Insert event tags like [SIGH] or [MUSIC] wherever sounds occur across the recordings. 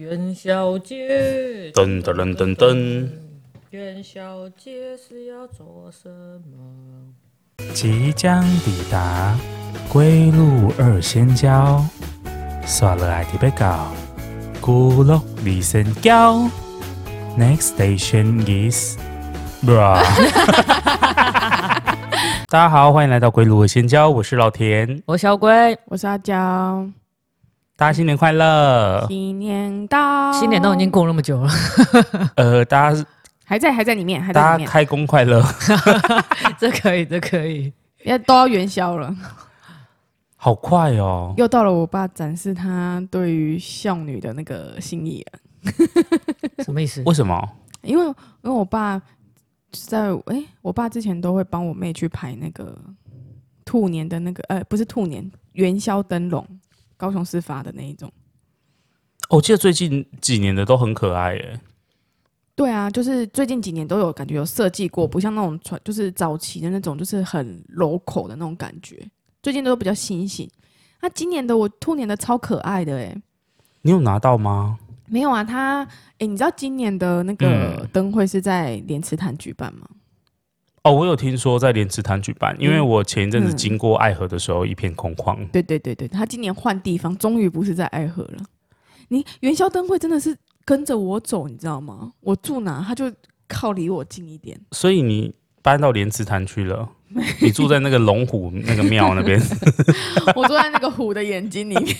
元宵節，噔，噔噔噔噔噔。元宵節是要做什麼？即將抵達龜 Look 二仙嬌，耍樂愛的別搞，孤落二仙嬌 Next station is Bra。 [LAUGHS] [LAUGHS] [LAUGHS] 大家好，歡迎來到龜 Look 二仙嬌，我是老田，我是小鬼，我是阿嬌。大家新年快樂！新年到，新年都已經過那麼久了， [LAUGHS] 呃，大家還在還在，還在裡面，大家開工快樂， [LAUGHS] [LAUGHS] 這可以，這可以，要都要元宵了，好快哦！又到了我爸展示他對於孝女的那個心意了， [LAUGHS] 什麼意思？為什麼？因為因為我爸在、欸、我爸之前都會幫我妹去拍那個兔年的那個呃，不是兔年，元宵燈籠。高雄市發的那一種，我、哦、記得最近幾年的都很可愛哎。對啊，就是最近幾年都有感覺有設計過，不像那種傳，就是早期的那種，就是很 local 的那種感覺。最近都比較新新。那今年的我兔年的超可愛的誒，你有拿到嗎？沒有啊，他誒、欸，你知道今年的那個燈會是在蓮池潭舉辦嗎？嗯哦，我有聽說在蓮池潭舉辦、嗯，因為我前一陣子經過愛河的時候，一片空曠。對、嗯、對對對，他今年換地方，終於不是在愛河了。你元宵燈會真的是跟着我走，你知道嗎？我住哪，他就靠離我近一點。所以你搬到蓮池潭去了， [LAUGHS] 你住在那個龍虎那個廟那邊。 [LAUGHS] [LAUGHS] 我住在那個虎的眼睛裡面，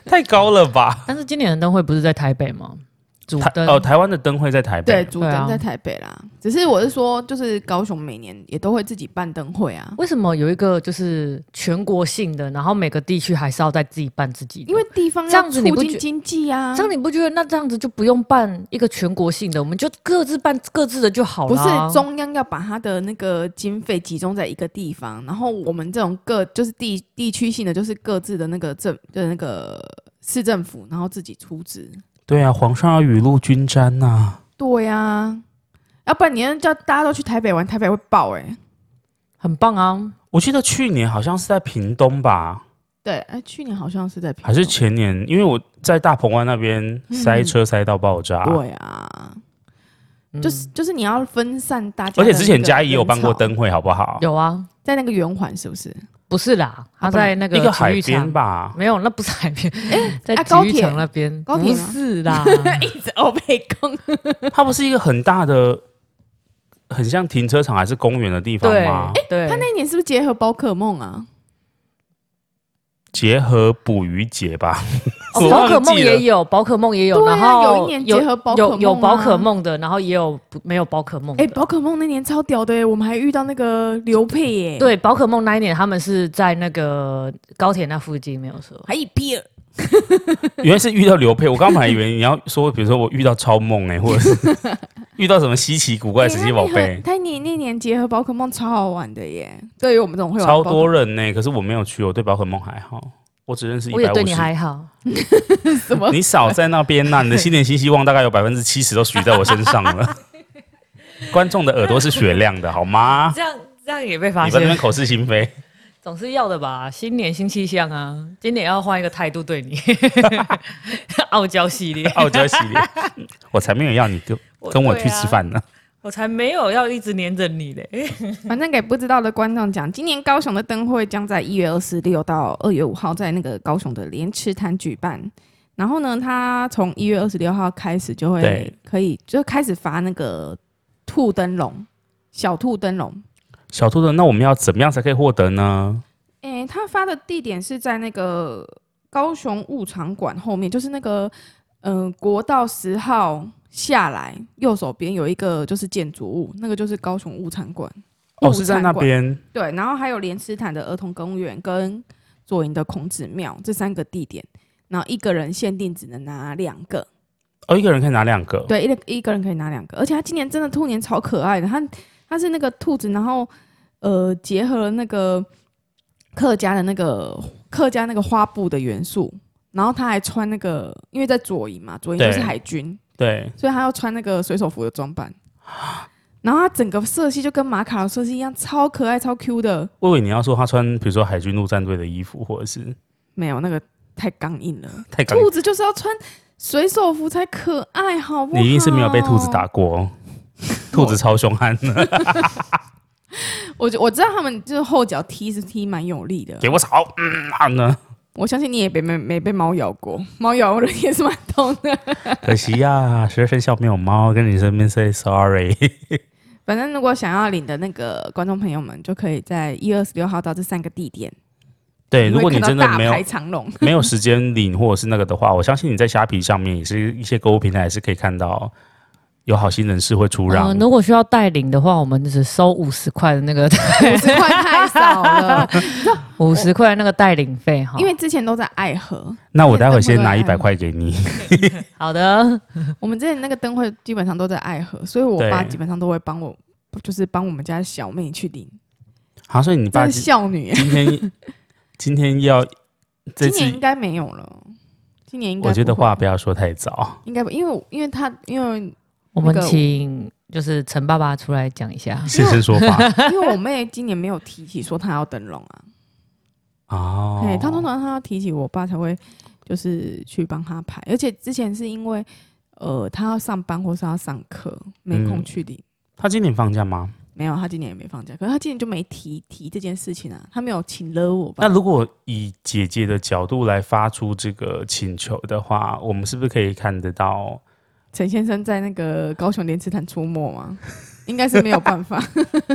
[LAUGHS] 太高了吧。但是今年的燈會不是在台北嗎？主燈哦，台灣的燈會在台北。對，主燈在台北啦、啊。只是我是說，就是高雄每年也都會自己辦燈會啊。為什麼有一個就是全國性的，然後每個地區還是要在自己辦自己的？因為地方要促、啊、樣子不經濟啊。這樣你不覺得那這樣子就不用辦一個全國性的，我們就各自辦各自的就好了、啊。不是中央要把他的那個經費集中在一個地方，然後我們這種各就是地地區性的就是各自的那個政的、就是、那個市政府，然後自己出資。對啊，皇上要雨露均沾吶、啊。對呀、啊，要不然你叫大家都去台北玩，台北會爆哎、欸，很棒啊！我記得去年好像是在屏東吧？對，哎，去年好像是在屏東、欸、還是前年？因為我在大鵬灣那邊塞車塞到爆炸。嗯、對啊，嗯、就是就是你要分散大家，而且之前嘉義也有辦過燈會，好不好？有啊，在那個圓環，是不是？不是啦、啊不，他在那個,個海邊吧？沒有，那不是海邊、欸，在場、啊、高鐵那邊。不是,高鐵是啦， [LAUGHS] 一直歐北共。它不是一個很大的、很像停車場還是公園的地方嗎？哎、欸，對，他那年是不是結合寶可夢啊？結合捕魚節吧。 [LAUGHS] 寶、哦、可夢也有，寶可夢也有。也有啊，然後有，有一年結合寶可夢的，然後也有沒有寶可夢。哎、欸，寶可夢那年超屌的耶！我們還遇到那個劉沛耶。對，寶可夢那一年他們是在那個高鐵那附近，沒有說還一憋， [LAUGHS] 原來是遇到劉沛。我剛剛還以為你要說，比如說我遇到超夢哎，或者是 [LAUGHS] 遇到什麼稀奇古怪神、欸、奇寶貝。他你那年結合寶可夢超好玩的耶，對於我們這種會玩，超多人呢。可是我沒有去，我對寶可夢還好。我只認識一百五十。我也對你還好， [LAUGHS] 什麼笑你少在那邊吶！那你的新年新希望大概有百分之七十都許在我身上了。 [LAUGHS] [LAUGHS] 觀眾的耳朵是雪亮的，好嗎？這樣這樣也被發現了，你不在那邊口是心非， [LAUGHS] 總是要的吧？新年新氣象啊！今年要換一個態度對你， [LAUGHS] 傲嬌系列， [LAUGHS] 傲嬌系列，我才沒有要你跟我、啊、跟我去吃飯呢。我才沒有要一直黏着你嘞！反正給不知道的觀眾講，今年高雄的燈會將在一月二十六到二月五號在那個高雄的蓮池潭舉辦。然後呢，他從一月二十六號開始就會可以就開始發那個兔燈籠，小兔燈籠，小兔燈，那我們要怎麼樣才可以獲得呢？哎、欸，他發的地點是在那個高雄物場館後面，就是那個嗯、呃、國道十號。下來，右手邊有一個就是建築物，那個就是高雄物產館。哦，物產館，是在那邊。對，然後還有蓮池潭的兒童公園跟左營的孔子廟這三個地點，然後一個人限定只能拿兩個。哦，一個人可以拿兩個。對，一一個人可以拿兩個，而且他今年真的兔年超可愛的，他他是那個兔子，然後呃結合了那個客家的那個客家那個花布的元素，然後他還穿那個，因為在左營嘛，左營就是海軍。對，所以他要穿那個水手服的裝扮，然後他整個色系就跟馬卡龍色系一樣，超可愛、超 Q 的。喂喂，你要說他穿，比如說海軍陸戰隊的衣服，或者是沒有那個太剛硬了，太剛硬，兔子就是要穿水手服才可愛，好不好？你一定是沒有被兔子打過， [LAUGHS] 兔子超兇悍的。 [LAUGHS] [LAUGHS] 我就我知道他們就是後腳踢是踢蠻有力的，給我吵嗯，好呢。我相信你也別沒沒被貓咬了過，貓咬也是蠻痛的。 [LAUGHS] 可惜呀、啊，十二生肖沒有貓，跟你身邊 say sorry。 [LAUGHS] 反正如果想要領的那個觀眾朋友們，就可以在一月二十六號到這三個地點。對，如果你真的沒有沒有時間領或者是那個的話，我相信你在蝦皮上面也是一些購物平台也是可以看到。有好心人士會出讓、嗯。如果需要代領的話，我們只收五十塊的那個。五十塊太少了，五十塊那個代領費。因為之前都在愛河。那我待會先拿一百塊給你。 [LAUGHS] 好的。我們之前那個燈會基本上都在愛河，所以我爸基本上都會幫我，就是幫我們家小妹去領。好、啊，所以你爸是孝女。今天今天要，今年應該沒有了。今年應該我覺得話不要說太早。應該不，因為因為他因為。我們請就是陳爸爸出來講一下，現身說法。因為我妹今年沒有提起說她要燈籠啊，哦，對，她通常她要提起我爸才會，就是去幫她排。而且之前是因為，呃，她要上班或是要上課，沒空去的、嗯。他今年放假嗎？沒有，他今年也沒放假。可是他今年就沒提提這件事情啊，他沒有請了我。那如果以姐姐的角度來發出這個請求的話，我們是不是可以看得到？陳先生在那個高雄蓮池潭出沒嗎？應該是沒有辦法。 [LAUGHS] [LAUGHS]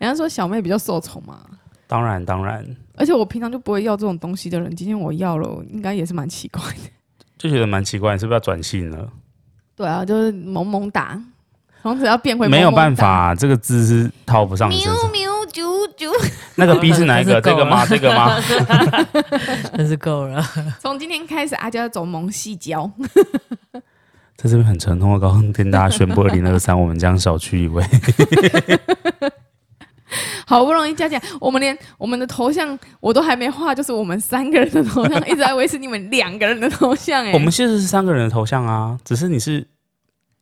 人家說小妹比較受寵嘛。當然當然。而且我平常就不會要這種東西的人，今天我要了，應該也是蠻奇怪的。就覺得蠻奇怪，是不是要轉性了？對啊，就是萌萌噠，從此要變回萌萌沒有辦法，這個字是套不上。喵，喵啾啾 [LAUGHS] 那個 B 是哪一個？這個嗎？這個嗎？真 [LAUGHS] 是夠夠了。從 [LAUGHS] 夠 [LAUGHS] 今天開始、啊，阿嬌要走萌系教。 [LAUGHS] 在這邊很沉痛的，剛剛跟大家宣布2023，我們將少去一位。好不容易加起來，我們連我們的頭像我都還沒畫，就是我們三個人的頭像一直以為是你們兩個人的頭像哎、欸。 [LAUGHS] 我們現在是三個人的頭像啊，只是你是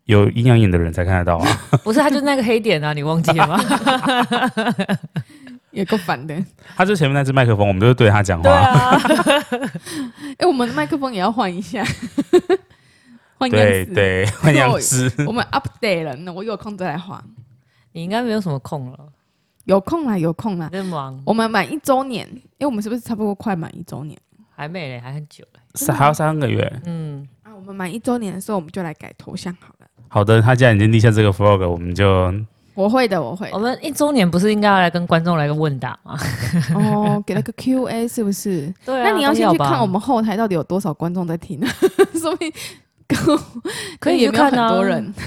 有陰陽眼的人才看得到啊 [LAUGHS] 。不是，他就是那個黑點啊，你忘記了嗎？也夠煩的。他就前面那支麥克風，我們都是對他講話。對啊。哎，我們的麥克風也要換一下。 [LAUGHS] 對對，換樣子。 [LAUGHS] 我們 update 了，我有空再來畫。你應該沒有什麼空了。有空了，有空了。真忙。我們滿一周年，因、欸、為我們是不是差不多快滿一周年？還沒嘞，還很久嘞，三還有三個月。嗯。啊、我們滿一周年的時候，我們就來改頭像，好了。好的，他現在已經立下這個 flag 我們就我會的，我會。我們一周年不是應該要來跟觀眾來個問答嗎？ [LAUGHS] 哦，給了個 Q A 是不是？對啊。那你要先去看我們後台到底有多少觀眾在聽呢， [LAUGHS] 說明。可以去看啊！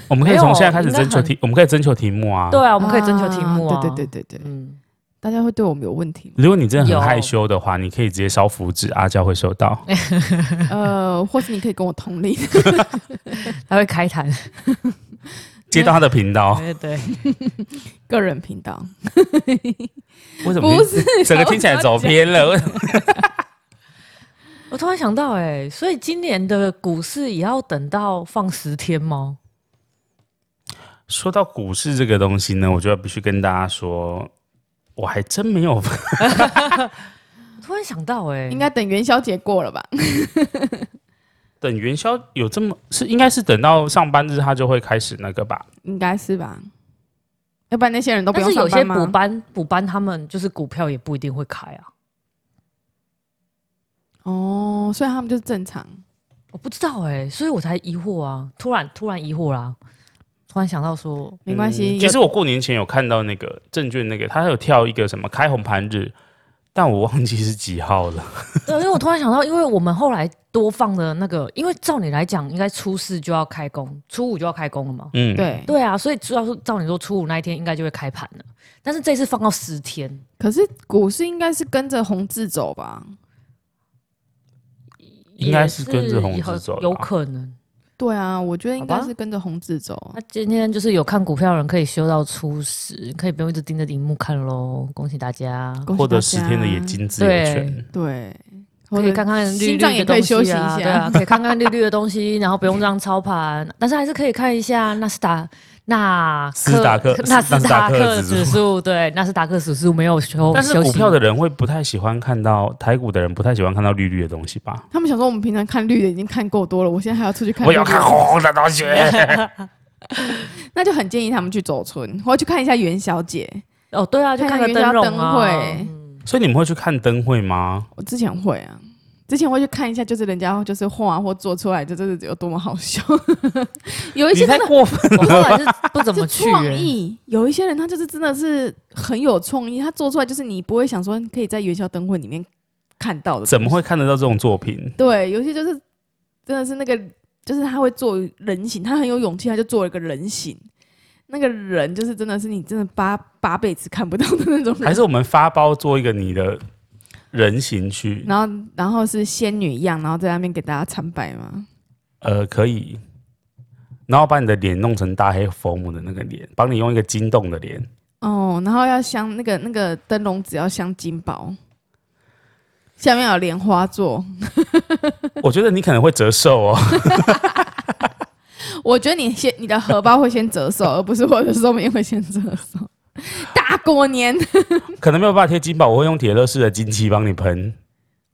我們可以從現在開始徵求題，我們可以徵求題目啊！對啊，我們可以徵求題目、啊，對、啊、對對對對。嗯，大家會對我們有問題嗎？如果你真的很害羞的話，你可以直接燒符紙，阿嬌會收到。 [LAUGHS] 呃，或是你可以跟我同理，他 [LAUGHS] 會開壇 [LAUGHS] 接到他的頻道，對對，對， [LAUGHS] 個人頻頻道。為 [LAUGHS] 什麼不是？整個聽起來走偏了。 [LAUGHS] 我突然想到、欸，哎，所以今年的股市也要等到放十天嗎？說到股市這個東西呢，我就要必須跟大家說，我還真沒有 [LAUGHS] 。突然想到、欸，哎，應該等元宵節過了吧？ [LAUGHS] 等元宵有這麼是，應該是等到上班日，他就會開始那個吧？應該是吧？要不然那些人都不用上班嗎？補班補班，班他們就是股票也不一定會開啊。哦，所以他們就是正常，我不知道哎、欸，所以我才疑惑啊，突然突然疑惑啦、啊，突然想到說沒關係、嗯。其實我過年前有看到那個證券那個，他有跳一個什麼開紅盤日，但我忘記是幾號了。對，因為我突然想到，因為我們後來多放的那個，因為照你來講，應該初四就要開工，初五就要開工了嘛。嗯，對，對啊，所以主要是照你說，初五那一天應該就會開盤了。但是這次放到十天，可是股市應該是跟着紅字走吧？應該是跟着紅字走、啊有，有可能。對啊，我覺得應該是跟着紅字走。那今天就是有看股票的人可以休到初十，可以不用一直盯着螢幕看嘍。恭喜大家獲得十天的眼睛自由權，對，可以看看綠綠的東西啊，心臟也可以休息一下，對啊，可以看看綠綠的東西，然後不用這樣操盤， [LAUGHS] 但是還是可以看一下納斯達。納斯達克，納斯達克指數，對，納斯達克指數。沒有說，但是股票的人會不太喜歡看到，台股的人不太喜歡看到綠綠的東西吧？他們想說，我們平常看綠的已經看夠多了，我現在還要出去看綠綠。我要看紅紅的東西， [LAUGHS] [LAUGHS] [LAUGHS] 那就很建議他們去走村，我要去看一下元宵節。哦，對啊，去看，燈，看一下元宵燈會，嗯。所以你們會去看燈會嗎？我之前會啊。之前我會去看一下，就是人家就是畫完或做出來，這這這有多麼好笑。 [LAUGHS] [LAUGHS] 有一些人，我來就不怎麼去。創 [LAUGHS] 意 [LAUGHS] 有一些人，他就是真的是很有創意，他做出來就是你不會想說可以在元宵燈會裡面看到的。怎麼會看得到這種作品？對，有一些就是真的是那個，就是他會做人形，他很有勇氣，他就做了一個人形。那個人就是真的是你真的八八輩子看不到的那種人。還是我們發包做一個你的？人形區，然後，然後是仙女樣，然後在那邊給大家參拜嗎？呃，可以。然後把你的臉弄成大黑佛母的那個臉，幫你用一個金洞的臉。哦，然後要鑲那個那個燈籠，只要鑲金寶，下面有蓮花座。 [LAUGHS] 我覺得你可能會折壽哦。 [LAUGHS] [LAUGHS] 我覺得你先，你的荷包會先折壽， [LAUGHS] 而不是我的壽命會先折壽。大過年， [LAUGHS] 可能沒有辦法貼金寶，我會用鐵樂士的金漆幫你噴。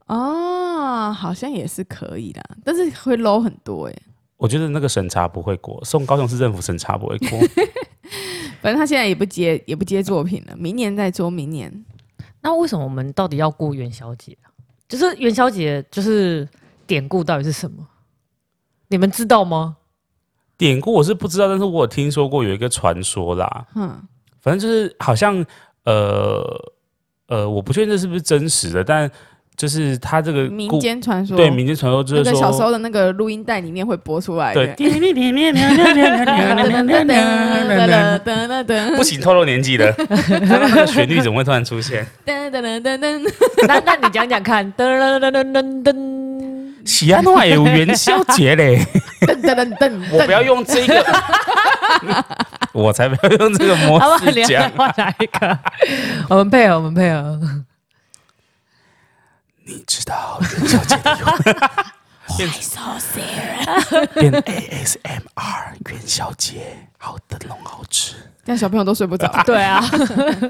哦，好像也是可以的，但是會 low 很多哎、欸。我覺得那個審查不會過，送高雄市政府審查不會過。 [LAUGHS] 反正他現在也不接，也不接作品了，明年再做明年。那為什麼我們到底要過元宵節？就是元宵節，就是典故到底是什麼？你們知道嗎？典故我是不知道，但是我有聽說過有一個傳說啦。嗯。反正就是好像，呃呃，我不確定這是不是真實的，但就是他這個民間傳說，對民間傳說就是說、那個、小時候的那個錄音帶裡面會播出來的。噔噔噔噔噔噔噔噔噔噔， [LAUGHS] 不行，透露年紀的，旋律怎麼會突然出現？噔噔噔噔噔，那那你講講看？噔噔噔噔噔噔。其他還有元宵節嘞，嗯嗯嗯嗯、 [LAUGHS] 我不要用這個，我才不要用這個模式講，我們配合，我們配合。你知道元宵節的由來？ [LAUGHS] so、變 ASMR 元宵節，好的龍好吃。現在小朋友都睡不着，啊，對啊。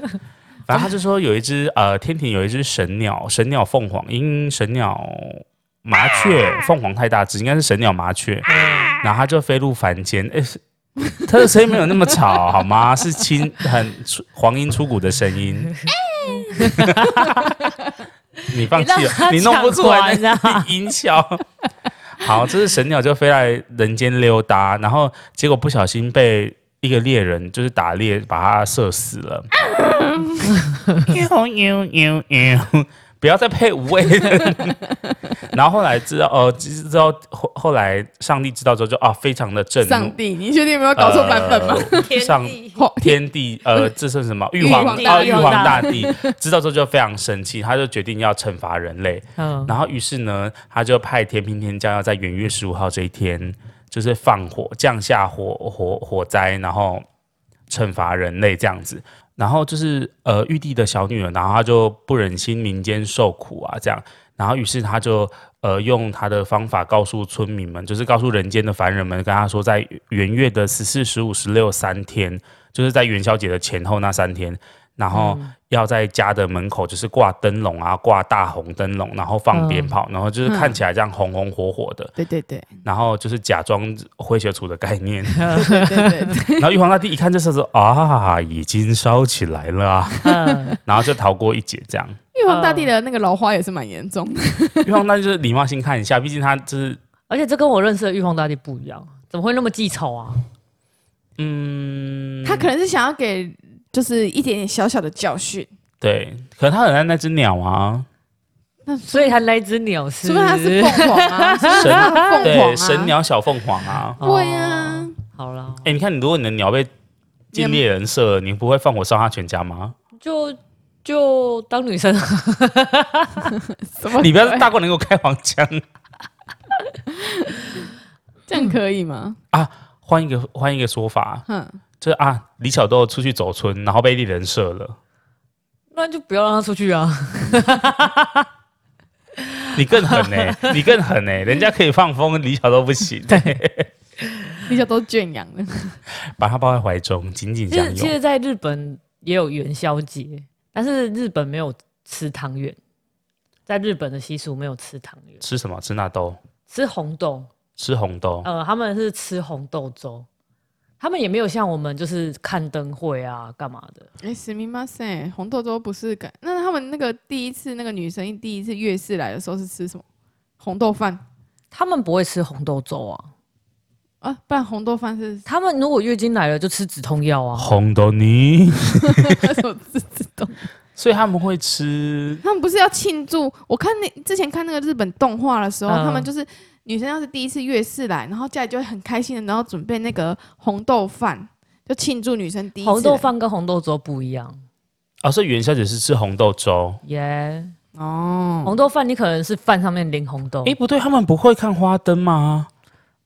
[LAUGHS] 反正他就說有一隻呃，天庭有一隻神鳥，神鳥鳳凰，因神鳥。麻雀，鳳凰太大隻，應該是神鳥麻雀，啊，然後它就飛入凡間。哎，它的聲音沒有那麼吵，好嗎？是輕很黃鶯出谷的聲音。哎、 [LAUGHS] 你放棄了你、啊，你弄不出來的，音、啊、效。好，這是神鳥就飛來人間溜達，然後結果不小心被一個獵人就是打獵把它射死了。啊 [LAUGHS] 呃呃呃呃呃不要再配五位了。 [LAUGHS] [LAUGHS] 然後後來知道，呃，知道後後來上帝知道之後就啊，非常的震怒。上帝，你確定有沒有搞錯版本嗎？呃、上帝，天地，呃，這是什麼？玉皇，玉皇大帝、啊啊。玉皇大帝知道之後就非常生氣，他就決定要懲罰人類。嗯。 [LAUGHS] 然後於是呢，他就派天兵天將要在元月十五號這一天，就是放火，降下火火火災，然後懲罰人類這樣子。然後就是呃，玉帝的小女兒，然後她就不忍心民間受苦啊，這樣，然後於是她就呃用她的方法告訴村民們，就是告訴人間的凡人們，跟她說，在元月的十四、十五、十六三天，就是在元宵節的前後那三天。然後要在家的門口就是掛燈籠啊，掛大紅燈籠，然後放鞭炮，嗯，然後就是看起來這樣紅紅火火的。對對對。然後就是假裝灰學徒的概念、嗯對對對對。然後玉皇大帝一看這時候說啊，已經燒起來了。啊、嗯，然後就逃過一劫，這樣。玉皇大帝的那個老花也是蠻嚴重的、嗯。玉皇大帝就是禮貌性看一下，畢竟他就是。而且這跟我認識的玉皇大帝不一樣，怎麼會那麼記仇啊？嗯。他可能是想要給。就是一點點小小的教訓。對，可他很愛那隻鳥啊。那所以他來一隻鳥是？不是它、啊、是鳳 [LAUGHS] 凰啊？神神鳥小鳳凰啊！哦、對呀、啊，好了、哦。哎、欸，你看，如果你的鳥被禁獵人射你，你不會放火燒他全家嗎？就就當女生。 [LAUGHS] [LAUGHS] 啊、你不要大過能夠開黃腔？ [LAUGHS] 這樣可以嗎？嗯、啊！換一個換一個說法，嗯，就是啊，李小豆出去走春，然後被立人設了，那你就不要讓他出去啊！ [LAUGHS] [LAUGHS] 你更狠呢、欸？你更狠呢、欸？人家可以放風，李小豆不行，對， [LAUGHS] 李小豆圈養 [LAUGHS] 把他抱在懷中，緊緊相擁。其實，其實在日本也有元宵節，但是日本沒有吃湯圓，在日本的習俗沒有吃湯圓，吃什麼？吃納豆，吃紅豆。吃紅豆，呃，他們是吃紅豆粥，他們也沒有像我們就是看燈會啊，幹嘛的？哎、欸，すみません，哎，紅豆粥不是感，那他們那個第一次那個女生第一次月事來的時候是吃什麼？紅豆飯？他們不會吃紅豆粥啊？啊，不然紅豆飯是？他們如果月經來了就吃止痛藥啊？紅豆泥？ [LAUGHS] [LAUGHS] [LAUGHS] 所以他們會吃？他們不是要慶祝？我看那之前看那個日本動畫的時候、嗯，他們就是。女生要是第一次月事來，然後家裡就會很開心的，然後準備那個紅豆飯，就慶祝女生第一次。紅豆飯跟紅豆粥不一樣，啊、所以元宵節是吃紅豆粥耶。哦、yeah，oh. 紅豆飯你可能是飯上面淋紅豆。哎、欸，不對，他們不會看花燈嗎？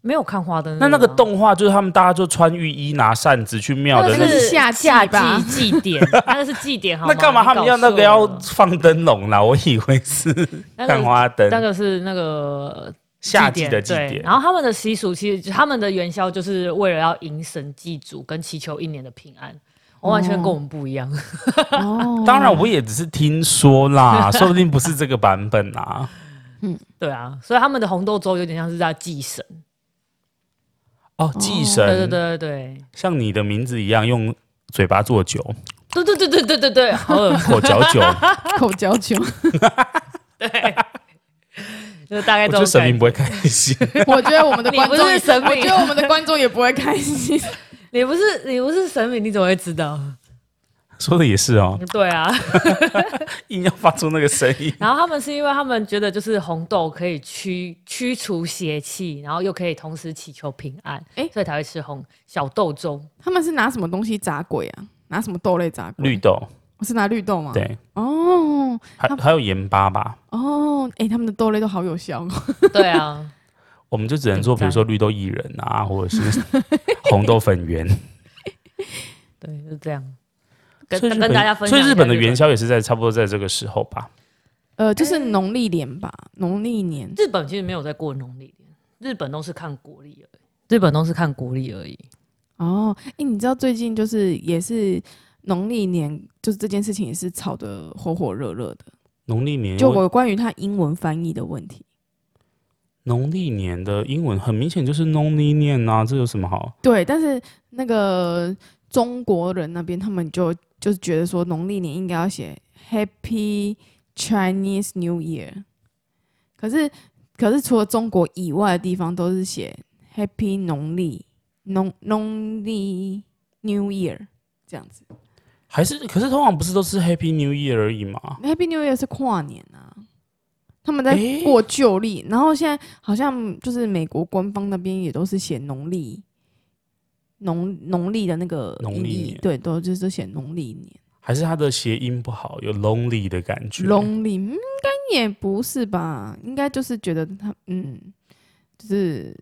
沒有看花燈啊。那那個動畫就是他們大家就穿浴衣拿扇子去廟的。那個、是夏夏季祭典， [LAUGHS] 那個是祭典， [LAUGHS] 祭典好嗎？那幹嘛他們要那個要放燈籠啦？ [LAUGHS] [LAUGHS] 我以為是看花燈。那個、那個、是那個。夏季的祭典，然後他們的習俗，其實他們的元宵就是為了要迎神祭祖跟祈求一年的平安，哦、我完全跟我們不一樣。哦、 [LAUGHS] 當然我也只是聽說啦， [LAUGHS] 說不定不是這個版本啊、嗯。對啊，所以他們的紅豆粥有點像是在祭神。哦，祭神，哦、對、對、對、對對對，像你的名字一樣，用嘴巴做酒。對對對對對對對、對，口口嚼酒、口嚼酒， [LAUGHS] 對。 [LAUGHS] 就大概就神明不會開心 [LAUGHS] 我覺得我們的觀眾也 [LAUGHS] 不是神明，啊，我覺得我們的觀眾也不會開心，也不是你不是神明，你怎麼會知道？說的也是哦。對啊，硬要發出那個聲音。然後他們是因為他們覺得就是紅豆可以驅驅除邪氣，然後又可以同時祈求平安，哎，所以才會吃紅小豆粥。他們是拿什麼東西砸鬼啊？拿什麼豆類砸？綠豆。是拿綠豆嘛？對哦，還還有鹽巴吧？哦，哎、欸，他們的豆類都好有效。對啊，我們就只能做，比如說綠豆薏仁啊， [LAUGHS] 或者是紅豆粉圓。 [LAUGHS] 對，就這樣。跟跟大家分享、欸。所以日本的元宵也是在差不多在這個時候吧？呃，就是農曆年吧，農曆年、嗯、農曆年。日本其實沒有在過農曆年，日本都是看國曆而已。日本都是看國曆而已。哦，哎、欸，你知道最近就是也是。農曆年就是這件事情也是炒得火火熱熱的。農曆年就有關於他英文翻譯的問題，農曆年的英文很明顯就是農曆年啊，這有什麼好？對，但是那個中國人那邊他們就就覺得說農曆年應該要寫 Happy Chinese New Year，可是可是除了中國以外的地方都是寫 Happy 農曆農農曆 New Year 這樣子。還是，可是通常不是都是 Happy New Year 而已嗎？Happy New Year 是跨年啊，他們在過舊曆、欸，然後現在好像就是美國官方那邊也都是寫農曆，農農曆的那個農曆，對，都就是寫農曆年。還是他的諧音不好，有 lonely 的感覺？lonely 應該也不是吧？應該就是覺得他，嗯，就是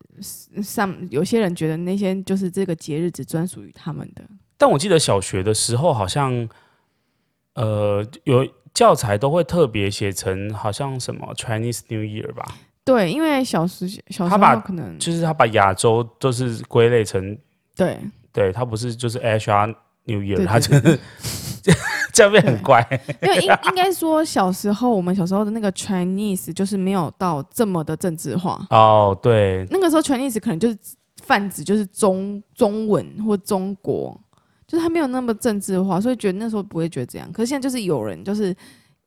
上有些人覺得那些就是這個節日只專屬於他們的。但我記得小學的時候，好像，呃，有教材都會特別寫成好像什麼 Chinese New Year 吧？對，因為小時小時候可能就是他把亞洲都是歸類成對對，他不是就是 Asian New Year？對對對對，他就是對對對 [LAUGHS] 這樣變很乖。因為 [LAUGHS] 應應該說小時候我們小時候的那個 Chinese 就是沒有到這麼的政治化哦。對，那個時候 Chinese 可能就是泛指就是中中文或中國。就是他沒有那麼政治化，所以覺得那時候不會覺得這樣。可是現在就是有人就是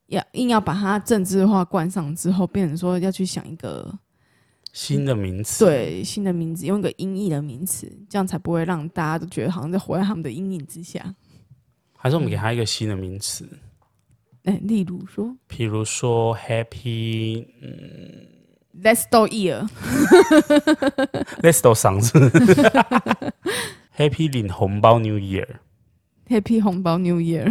要硬要把它政治化冠上之後，變成說要去想一個新的名詞，嗯。對，新的名詞，用一個音譯的名詞，這樣才不會讓大家都覺得好像在活在他們的陰影之下。還是我們給他一個新的名詞？哎，嗯欸，例如說，譬如說，比如說 Happy，嗯，Let's Do Ear，Let's [LAUGHS] Do Songs。 [LAUGHS] Happy 領紅包 New Year，Happy 紅包 New Year。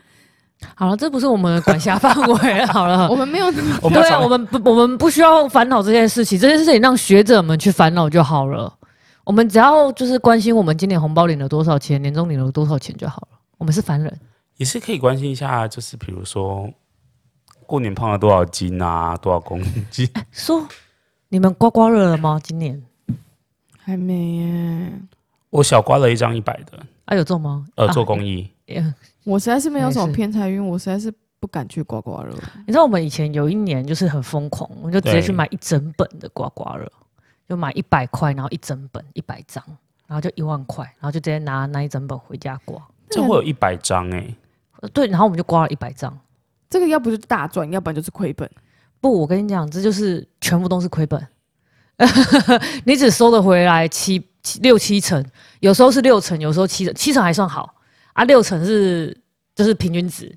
[LAUGHS] 好了，這不是我們的管轄範圍 [LAUGHS] 好了，我們沒有什麼……對啊，我們不，我們不需要煩惱這件事情。這件事情讓學者們去煩惱就好了。我們只要就是關心我們今年紅包領了多少錢，年終領了多少錢就好了。我們是凡人，也是可以關心一下，就是比如說過年胖了多少斤啊，多少公斤？欸，說你們刮刮樂了嗎？今年還沒耶。我小刮了一張一百的，啊有做嗎？呃，做公益，我實在是沒有什麼偏財，因為我實在是不敢去刮刮樂。你知道我們以前有一年就是很瘋狂，我們就直接去買一整本的刮刮樂，就買一百塊，然後一整本一百張，然後就一萬塊，然後就直接拿那一整本回家刮。這會有一百張哎。對，然後我們就刮了一百張，這個要不就是大賺，要不然就是虧本。不，我跟你講，這就是全部都是虧本。 [LAUGHS] 你只收了回來七七六七成，有時候是六成，有時候七成，七成還算好啊。六成是就是平均值，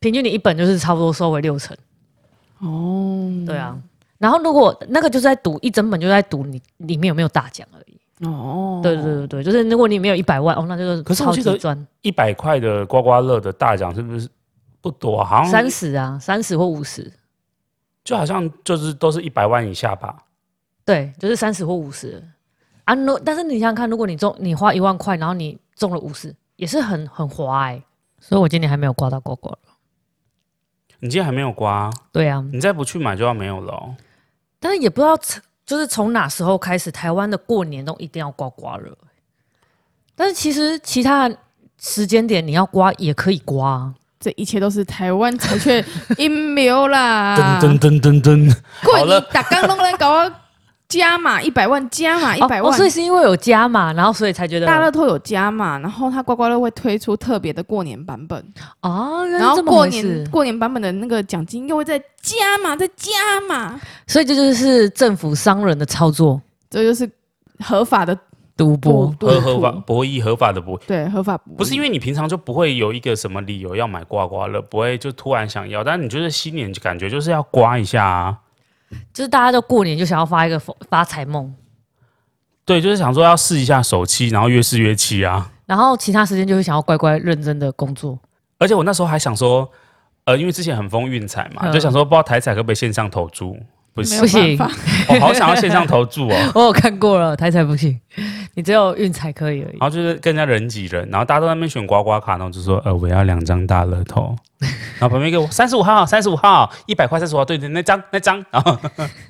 平均你一本就是差不多收回六成。哦、oh.，對啊。然後如果那個就是在賭一整本，就在賭你裡面有沒有大獎而已。哦、oh.，對對對對，就是如果你沒有一百萬哦，那就是超級得賺。可是我記得一百塊的刮刮樂的大獎是不是不多、啊？好像三十啊，三十或五十。就好像就是都是一百萬以下吧。對，就是三十或五十。啊那但是你想，想看，如果你中，你花一萬塊，然後你中了五十，也是很很划哎、欸。所以我今年還沒有刮到刮刮樂。你今天還沒有刮？對啊，你再不去買就要沒有了。但是也不知道，就是從哪時候開始，台灣的過年都一定要刮刮樂。但是其實其他時間點你要刮也可以刮，這一切都是台灣財團陰謀啦。 [LAUGHS] 噔，噔，噔噔噔噔噔，過年大家都來搞加碼一百萬，加碼一百萬、哦哦，所以是因為有加碼，然後所以才覺得大樂透有加碼，然後他刮刮樂會推出特別的過年版本啊，然後過年過年版本的那個獎金又會再加碼，再加碼，所以這就，就是政府商人的操作，這就，就是合法的賭博合，合法博弈，合法的博弈，對，合法博弈。不是因為你平常就不會有一個什麼理由要買刮刮樂，不會，就突然想要，但你就是新年感覺就是要刮一下啊。就是大家都過年就想要發一個發財夢，對，就是想說要試一下手氣，然後越試越氣啊。然後其他時間就是想要乖乖認真的工作。而且我那時候還想說，呃，因為之前很風運彩嘛，就想說不知道台彩可不可以線上投注，不行，不行，我好想要線上投注哦。 [LAUGHS] 我有看過了，台彩不行。你只有運彩可以而已，然後就是更加人擠人，人，然後大家都在那邊選刮刮卡，然後就說呃，我要兩張大樂透，然後旁邊給我三十五號，三十五號，一百塊，三十五號，對對那張，那張，那張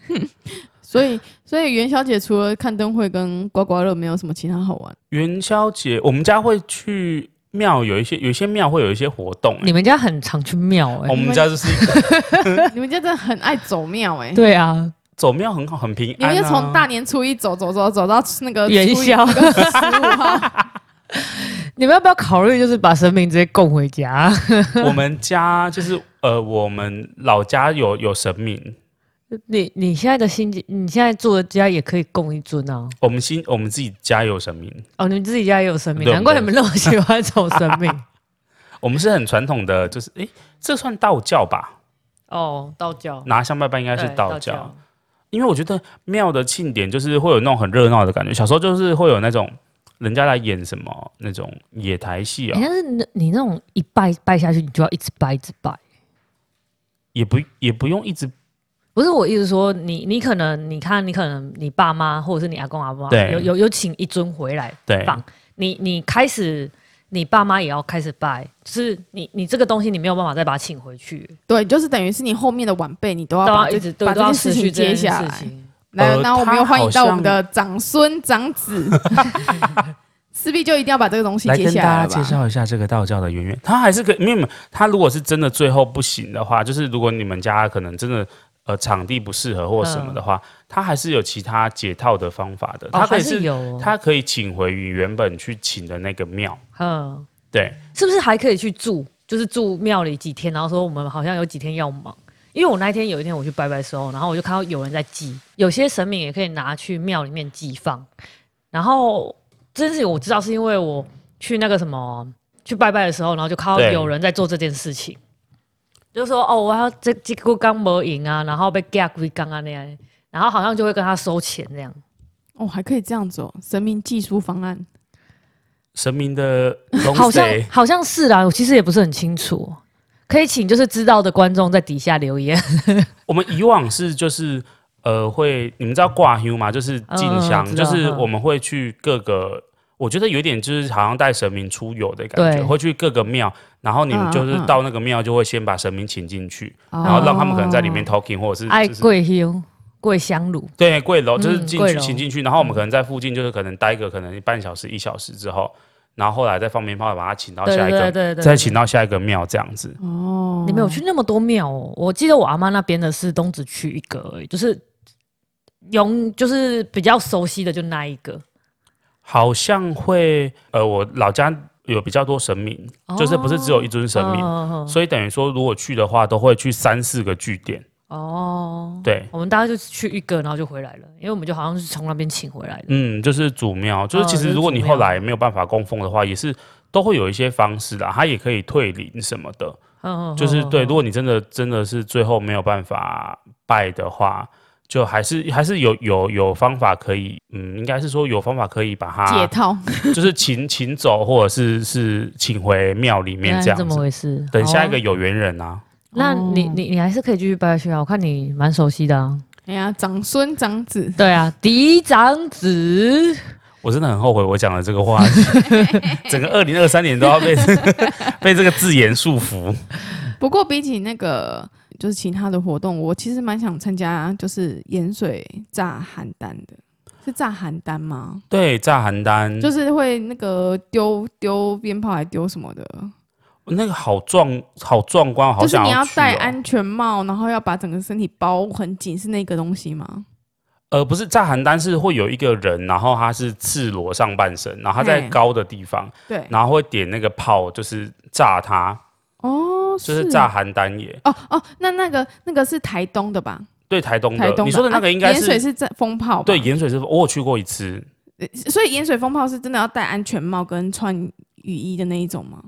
[LAUGHS] [LAUGHS] 所以，所以元宵節除了看燈會跟刮刮樂，沒有什麼其他好玩。元宵節我們家會去廟，有一些，有一些廟會有一些活動，欸。你們家很常去廟，欸、我們家就是一個 [LAUGHS] [LAUGHS] [LAUGHS] 你們家真的很愛走廟哎，欸。對啊。走廟很好，很平、啊。你們要從大年初一走走走走到那個元宵。 [LAUGHS] 你們要不要考慮，就是把神明直接供回家？我們家就是呃，我們老家有有神明。你你現在的心境，你現在住的家也可以供一尊啊、哦。我們心，我們自己家有神明。哦，你們自己家也有神明，難怪你們那麼喜歡走神明。 [LAUGHS] 我們是很傳統的，就是哎、欸，這算道教吧？哦，道教拿香拜拜應該是道教。因為我覺得廟的慶典就是會有那種很熱鬧的感覺，小時候就是會有那種人家來演什麼那種野台戲啊、哦。你、欸、家，是那你那種一拜拜下去，你就要一直拜一直拜，也不也不用一直。不是我意思說，你你可能你看，你可能你爸媽或者是你阿公阿婆，有有有請一尊回來對，放，你你開始。你爸媽也要開始拜，就是你你這個東西你沒有辦法再把他請回去，對，就是等於是你後面的晚輩你都要一直把這件事情接下來。呃、下來那、呃，那我們又歡迎到我們的長孫長子，勢 [LAUGHS] 必就一定要把這個東西 [LAUGHS] 接下來。來跟大家介紹一下這個道教的淵源，源，他還是可以，沒有沒有，他如果是真的最後不行的話，就是如果你們家可能真的呃場地不適合或什麼的話。呃他還是有其他解套的方法的，他、哦、可以是還是有、哦。他可以請回原本去請的那個廟。嗯，對，是不是還可以去住？就是住廟裡幾天，然後說我們好像有幾天要忙。因為我那一天有一天我去拜拜的時候，然後我就看到有人在寄，有些神明也可以拿去廟裡面寄放。然後這件事情我知道是因為我去那個什麼去拜拜的時候，然後就看到有人在做這件事情，就說：“哦，我要這這個缸沒贏啊，然後被加幾缸啊那樣。”然後好像就會跟他收錢這樣，哦，還可以這樣做、哦。神明技術方案，神明的 stay, 好，好像好像是啦、啊，我其實也不是很清楚，可以請就是知道的觀眾在底下留言。我們以往是就是呃會你們知道掛香嗎？就是進香、哦，就是我們會去各個，我覺得有點就是好像帶神明出遊的感覺對，會去各個廟，然後你們就是到那個廟就會先把神明請進去嗯嗯嗯，然後讓他們可能在裡面 talking、哦、或者是、就是、愛跪休。桂香路，對，桂樓、嗯、就是進去請進去，然後我們可能在附近就是可能待個可能半小時一小時之後，然後後來再放鞭炮把它請到下一個對對對對對對對對，再請到下一個廟這樣子。哦，你沒有去那麼多廟哦，我記得我阿媽那邊的是東子去一個而已，就是，用就是比較熟悉的就那一個。好像會呃，我老家有比較多神明，哦、就是不是只有一尊神明，哦哦哦、所以等於說如果去的話，都會去三四個據點。哦、oh,，對，我們大家就去一個，然後就回來了，因為我們就好像是從那邊請回來的。嗯，就是祖廟，就是其實如果你後來沒有辦法供奉的話，oh, 是也是都會有一些方式的，它也可以退靈什麼的。嗯、oh,，就是 oh, oh, oh, oh. 對，如果你真的真的是最後沒有辦法拜的話，就還是還是有有有方法可以，嗯，應該是說有方法可以把它解套，就是請 [LAUGHS] 請走，或者是是請回廟裡面這樣怎麼回事？等下一個有緣人啊。Oh. 那你、哦、你你還是可以繼續掰下去啊！我看你蠻熟悉的啊。哎、欸、呀、啊，長孫長子。對啊，嫡長子。我真的很後悔我講了這個話 [LAUGHS] 整個二零二三年都要被、這個、 [LAUGHS] 被這個字眼束縛。不過比起那個就是其他的活動，我其實蠻想參加，就是鹽水炸邯鄲的。是炸邯鄲嗎？對，炸邯鄲。就是會那個丟丟鞭炮，還丟什麼的。那個好壯，好壯觀，好想要去，喔就是，你要戴安全帽，然後要把整個身體包很緊，是那個東西嗎？呃，不是炸邯鄲，是會有一個人，然後他是赤裸上半身，然後他在高的地方，對，然後會點那個炮，就是炸他，哦，就是炸邯鄲也。啊、哦哦，那那個那個是台東的吧？對，台東的，台東的你說的那個應該是鹽、啊、水是蜂炮，對，鹽水是我去過一次，所以鹽水蜂炮是真的要戴安全帽跟穿雨衣的那一種嗎？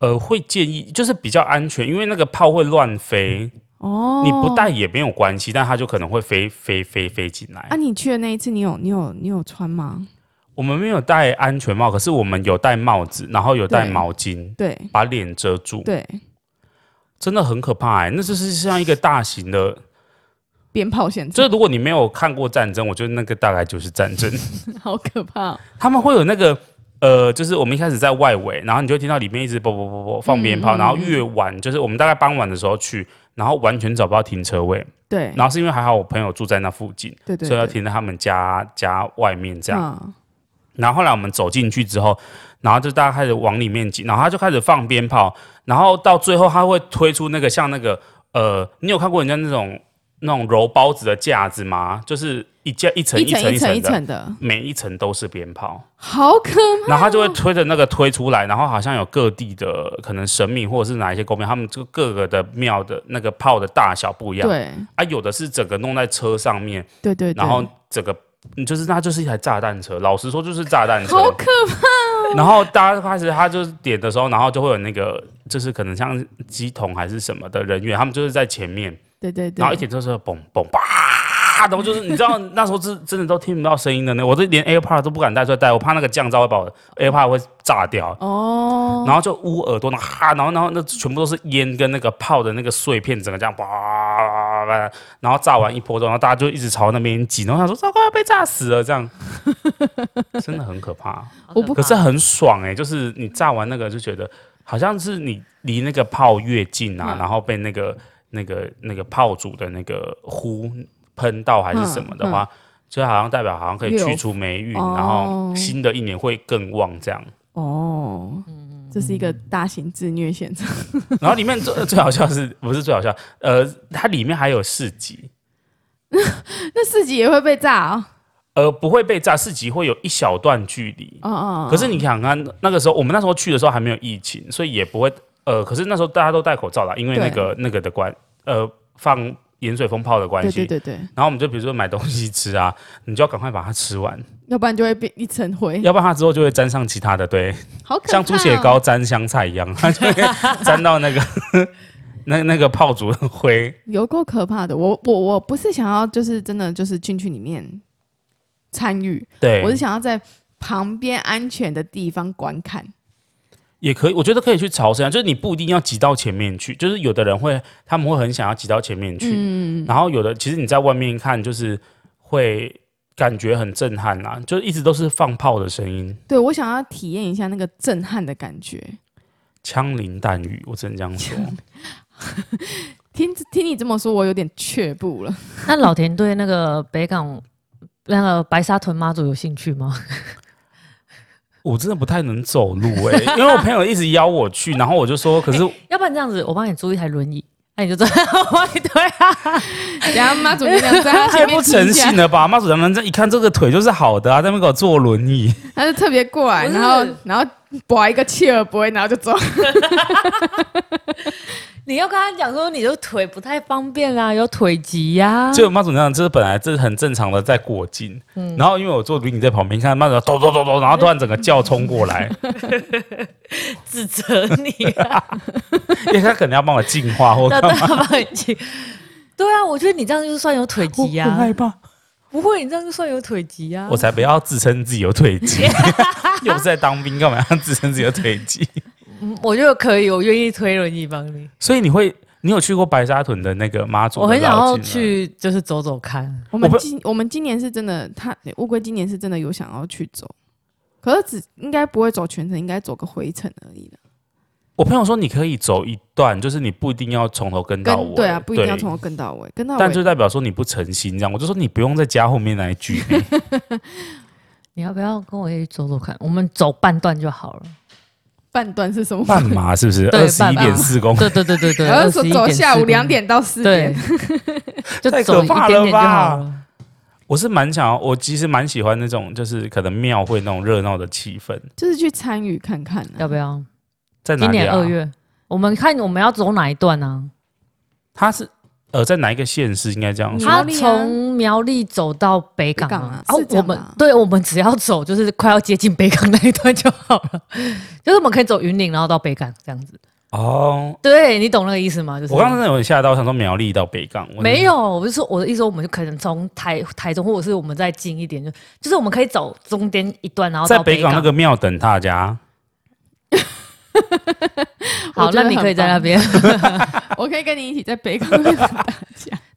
呃，會建議就是比較安全，因為那個炮會亂飛。哦，你不戴也沒有關係，但它就可能會飛飛飛飛進來。啊，你去的那一次，你有你有你有穿嗎？我們沒有戴安全帽，可是我們有戴帽子，然後有戴毛巾，對，把臉遮住。對，真的很可怕，欸，那就是像一個大型的鞭炮現場。這如果你沒有看過戰爭，我覺得那個大概就是戰爭， [LAUGHS] 好可怕。他們會有那個。呃，就是我們一開始在外圍，然後你就聽到裡面一直啵啵啵啵放鞭炮，嗯嗯嗯然後越晚，就是我們大概傍晚的時候去，然後完全找不到停車位。對，然後是因為還好我朋友住在那附近，對，對,對,對，所以要停在他們家家外面這樣，嗯。然後後來我們走進去之後，然後就大家開始往裡面擠，然後他就開始放鞭炮，然後到最後他會推出那個像那個呃，你有看過人家那種？那種揉包子的架子嗎？就是一架一層一層一層一層的，的，每一層都是鞭炮，好可怕哦！然後他就會推着那個推出來，然後好像有各地的可能神明或者是哪一些宮廟，他們就各個的廟的那個炮的大小不一樣，對啊，有的是整個弄在車上面，對對，對,對，然後整個就是那就是一台炸彈車，老實說就是炸彈車，好可怕哦！ [LAUGHS] 然後大家開始他就是點的時候，然後就會有那個就是可能像乩童還是什麼的人員，他們就是在前面。對對對，然後一點就是嘣嘣叭，然後就是你知道那時候是真的都聽不到聲音的那，我都連 AirPods 都不敢帶出來戴，我怕那個降噪會把我 AirPods 會炸掉。哦。然後就捂耳朵然後，哈然後然後那全部都是煙跟那個炮的那個碎片，整個這樣叭，然後炸完一波之後，然後大家就一直朝那邊擠，然後想說糟糕要被炸死了這樣，真的很可怕。我不怕。可是很爽誒、欸。就是你炸完那個就覺得好像是你離那個炮越近啊，然後被那個。那個那個炮竹的那個呼噴到還是什麼的話、嗯嗯，就好像代表好像可以去除霉運、哦，然後新的一年會更旺這樣。哦，這是一個大型自虐現場。 [LAUGHS] 然後裡面最最好笑是不是最好笑？呃，它裡面還有市集，那市集也會被炸啊、哦？呃，不會被炸，市集會有一小段距離、哦哦。可是你看看、哦、那個時候，我們那時候去的時候還沒有疫情，所以也不會。呃，可是那時候大家都戴口罩了，因為那個那個的關，呃，放鹽水蜂炮的關係。對，對對對。然後我們就比如說買東西吃啊，你就要趕快把它吃完，要不然就會變一層灰，要不然它之後就會沾上其他的，對。好可怕，喔。像豬血糕沾香菜一樣，喔，它就會沾到那個 [LAUGHS] [LAUGHS] 那那個炮竹灰，有夠可怕的。我我我不是想要就是真的就是進去裡面參與，對我是想要在旁邊安全的地方觀看。也可以，我覺得可以去朝聖啊，就是你不一定要擠到前面去，就是有的人會，他們會很想要擠到前面去，嗯，然後有的其實你在外面看就是會感覺很震撼啊，就一直都是放炮的聲音，對我想要體驗一下那個震撼的感覺，槍林彈雨，我只能這樣說， [LAUGHS] 聽聽你這麼說，我有點卻步了。那老田對那個北港那個白沙屯媽祖有興趣嗎？我真的不太能走路哎、欸，因為我朋友一直邀我去， [LAUGHS] 然後我就說，可是、欸、要不然這樣子，我幫你租一台輪椅，那你就走我 [LAUGHS] 對啊，然後媽祖娘娘太不誠信了吧？媽祖娘娘這一看這個腿就是好的啊，在那邊給我坐輪椅，他就特別怪，然後然後，然後拔一個氣兒杯，然後就走。 [LAUGHS] [LAUGHS] 你要跟他講說，你的腿不太方便啦、啊，有腿疾呀、啊。就以媽祖這樣，這是本來這是很正常的在繞境，嗯、然後因為我坐比你在旁邊你看，媽祖咚咚然後突然整個叫衝過來，指責你、啊。 [LAUGHS] 因為他可能要幫我進化或嘛，或他他幫你化。對啊，我覺得你這樣就是算有腿疾啊。不害怕。不會，你這樣就算有腿疾啊。我才不要自稱自己有腿疾。 [LAUGHS] 又不是在當兵幹嘛？要自稱自己有腿疾。我覺得可以，我願意推，我你幫你。所以你會，你有去過白沙屯的那個媽祖？我很想要去，就是走走看。我們今我，我們今年是真的，他烏龜今年是真的有想要去走，可是只應該不會走全程，應該走個回程而已。我朋友說你可以走一段，就是你不一定要從頭跟到尾跟。對啊，不一定要從頭，頭跟到尾，跟到尾。但就代表說你不誠心，這樣我就說你不用再加後面那一句 [LAUGHS] 、欸，你要不要跟我一起走走看？我們走半段就好了。半段是什麼？半馬是不是二十一點四公里？對對對對對， [LAUGHS] 那時候走下午兩點到四點， [LAUGHS] 就，走一點點就好了。太可怕了吧！我是蠻想要，我其實蠻喜歡那種就是可能廟會那種熱鬧的氣氛，就是去參與看看、啊，要不要？在哪裡、啊？今年二月，我們看我們要走哪一段呢、啊？他是。呃，在哪一個縣市應該這樣子。他從苗栗走到北港啊？港啊啊哦，我們對，我們只要走，就是快要接近北港那一段就好了。 [LAUGHS] 就是我們可以走雲林，然後到北港這樣子。哦，對，你懂那個意思嗎？就是我剛才有嚇到，我想說苗栗到北港，沒有，我就說、是、我的意思，我們就可能從台台中，或者是我們再近一點，就就是我們可以走中間一段，然後到北港，在北港那個廟等大家。 [LAUGHS] 好，那你可以在那邊， [LAUGHS] [LAUGHS] 我可以跟你一起在北港 [LAUGHS] [LAUGHS]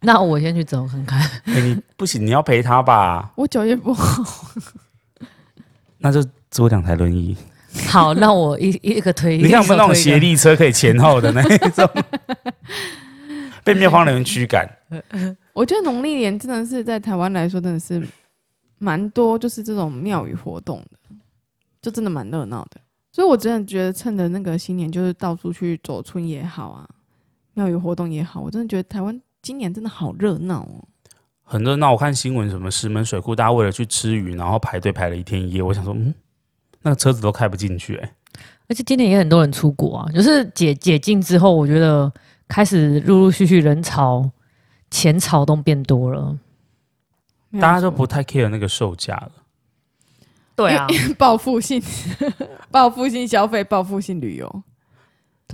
那我先去走看看。欸、你不行，你要陪他吧。 [LAUGHS] 我腳也不好， [LAUGHS] 那就租兩台輪椅。 [LAUGHS] 好，那我一一,一,一個推 [LAUGHS] 你看我們那種協力車可以前後的那一種 [LAUGHS] 被妙荒？被廟方的人驅趕。我覺得農曆年真的是在台灣來說，真的是蠻多，就是這種廟宇活動的，就真的蠻熱鬧的。所以，我真的覺得趁着那個新年，就是到處去走春也好啊，廟宇活動也好，我真的覺得台灣今年真的好熱鬧哦，很熱鬧。我看新聞，什麼石門水庫，大家為了去吃魚，然後排隊排了一天一夜。我想說，嗯，那個車子都開不進去誒、欸，而且今年也很多人出國啊，就是解解禁之後，我覺得開始陸陸續續人潮、錢潮都變多了，大家都不太 care 那個售價了。對啊，報復性、報復性消費，報復性旅遊，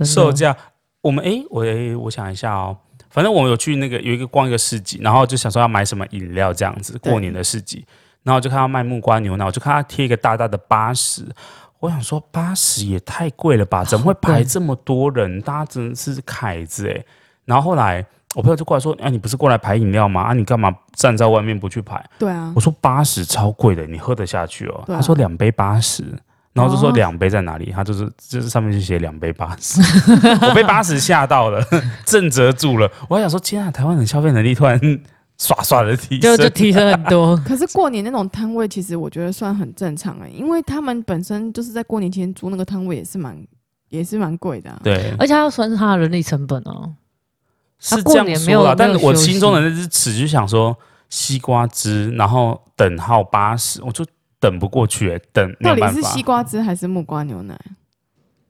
售價、so。我們哎、欸，我、欸、我想一下哦，反正我有去那個有一個逛一個市集，然後就想說要買什麼飲料這樣子，過年的市集，然後就看到賣木瓜牛奶，然後我就看他貼一個大大的八十，我想說八十也太貴了吧，怎麼會排這麼多人，oh, 人大家真的是凱子哎，然後後來，我朋友就過來說：“哎、啊，你不是過來排飲料嗎？啊，你幹嘛站在外面不去排？”對啊，我說八十超貴的，你喝得下去哦、喔啊？他說兩杯八十，然後就說兩杯在哪裡？哦、他就是就是上面就寫兩杯八十， [LAUGHS] 我被八十嚇到了， [LAUGHS] [LAUGHS] 震懾住了。我還想說，天啊，台灣人消費能力突然刷刷的提升，就提升很多。 [LAUGHS] 可是過年那種攤位，其實我覺得算很正常哎、欸，因為他們本身就是在過年前租那個攤位也是蠻也是蠻貴的、啊，對，而且還要算是他的人力成本哦、喔。是這樣說的、啊，但是我心中的那只尺就想說西瓜汁，然後等號八十，我就等不過去、欸，等到底是西瓜汁還是木瓜牛奶？嗯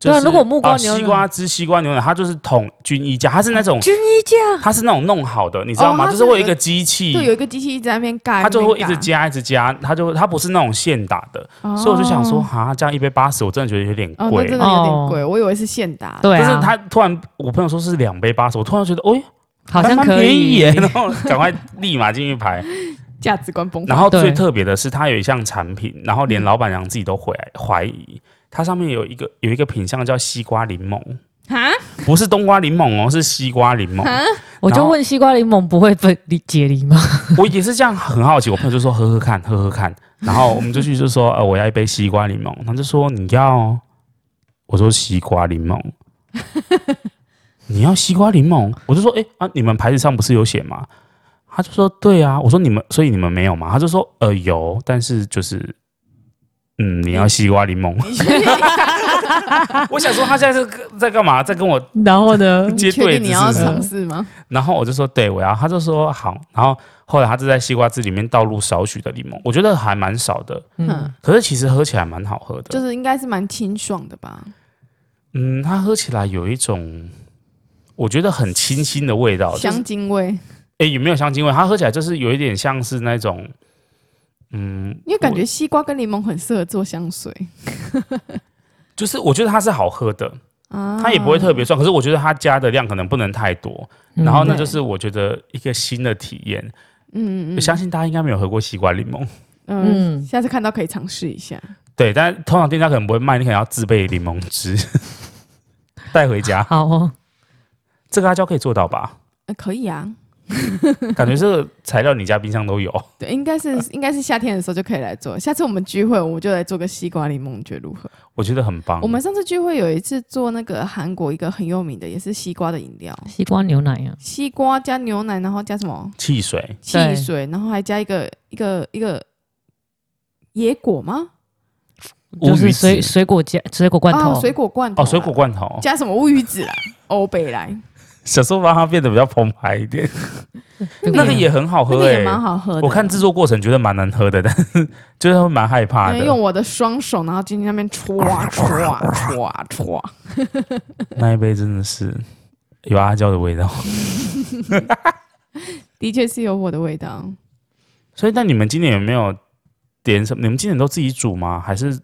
就是、對、啊，如果木瓜牛西瓜汁、西瓜牛奶，它就是桶均一價，它是那種均一價，它是那種弄好的，你知道嗎？哦、就，就是會有一個機器，就有一個機器一直在那邊蓋，它就會一直加、一直加，它就它不是那種現打的，哦、所以我就想說，啊，這樣一杯八十，我真的覺得有點貴，那有點貴，我以為是現打的，對、啊打的。但是它突然，我朋友說是兩杯八十，我突然覺得，哦、欸，好像可以，耶。然後趕 [LAUGHS] 快立馬進去排，價值觀崩。然後最特別的是，它有一項產品，然後連老板娘自己都懷懷、嗯、疑。它上面有一個有一個品項叫西瓜檸檬，不是冬瓜檸檬哦、喔，是西瓜檸檬。我就問，西瓜檸檬不會分解梨嗎？ [LAUGHS] 我也是這樣很好奇。我朋友就說喝喝看，喝喝看。然後我們就去就說呃，我要一杯西瓜檸檬。他就說你要？我說西瓜檸檬， [LAUGHS] 你要西瓜檸檬？我就說哎、欸、啊，你們牌子上不是有寫嗎？他就說對啊。我說你們所以你們沒有嗎？他就說呃有，但是就是。嗯，你要西瓜檸檬 [LAUGHS] 我？我想說，他現在是在幹嘛？在跟我然後呢接對，你要嘗試嗎？是？然後我就說對，我要。他就說好。然後後來他就在西瓜汁裡面倒入少許的檸檬，我覺得還蠻少的。嗯，可是其實喝起來蠻好喝的，就是應該是蠻清爽的吧。嗯，它喝起來有一種我覺得很清新的味道，香精味。哎、就是欸，有沒有香精味？它喝起來就是有一點像是那種。嗯，因為感覺西瓜跟檸檬很適合做香水， [LAUGHS] 就是我覺得它是好喝的啊、哦，它也不會特別酸，可是我覺得它加的量可能不能太多。嗯、然後呢，就是我覺得一個新的體驗，嗯，嗯，我相信大家應該沒有喝過西瓜檸檬，嗯，嗯，下次看到可以嘗試一下、嗯。對，但通常店家可能不會賣，你可能要自備檸檬汁帶 [LAUGHS] 回家。好哦，這個阿嬌可以做到吧？呃，可以啊。 [LAUGHS] 感覺這個材料你家冰箱都有，對，應該是應該是夏天的時候就可以來做。下次我們聚會，我們就來做個西瓜檸檬，你覺得如何？我覺得很棒。我們上次聚會有一次做那個韓國一個很有名的，也是西瓜的飲料，西瓜牛奶呀、啊，西瓜加牛奶，然後加什麼汽水？汽水，然後還加一個一個一個野果嗎？烏魚子、就是水，水果加水果罐頭，啊、水果罐頭、啊、哦，水果罐頭加什麼烏魚子啦、啊，歐北來。小時候把它變得比較澎湃一點，那個也很好喝，也蠻好喝的。我看製作過程覺得蠻難喝的，但是就是會蠻害怕。用我的雙手，然後輕輕那邊戳戳戳戳，那一杯真的是有阿膠的味道，的確是有我的味道。所以，那你們今年有沒有點什麼？你們今年都自己煮嗎？還是？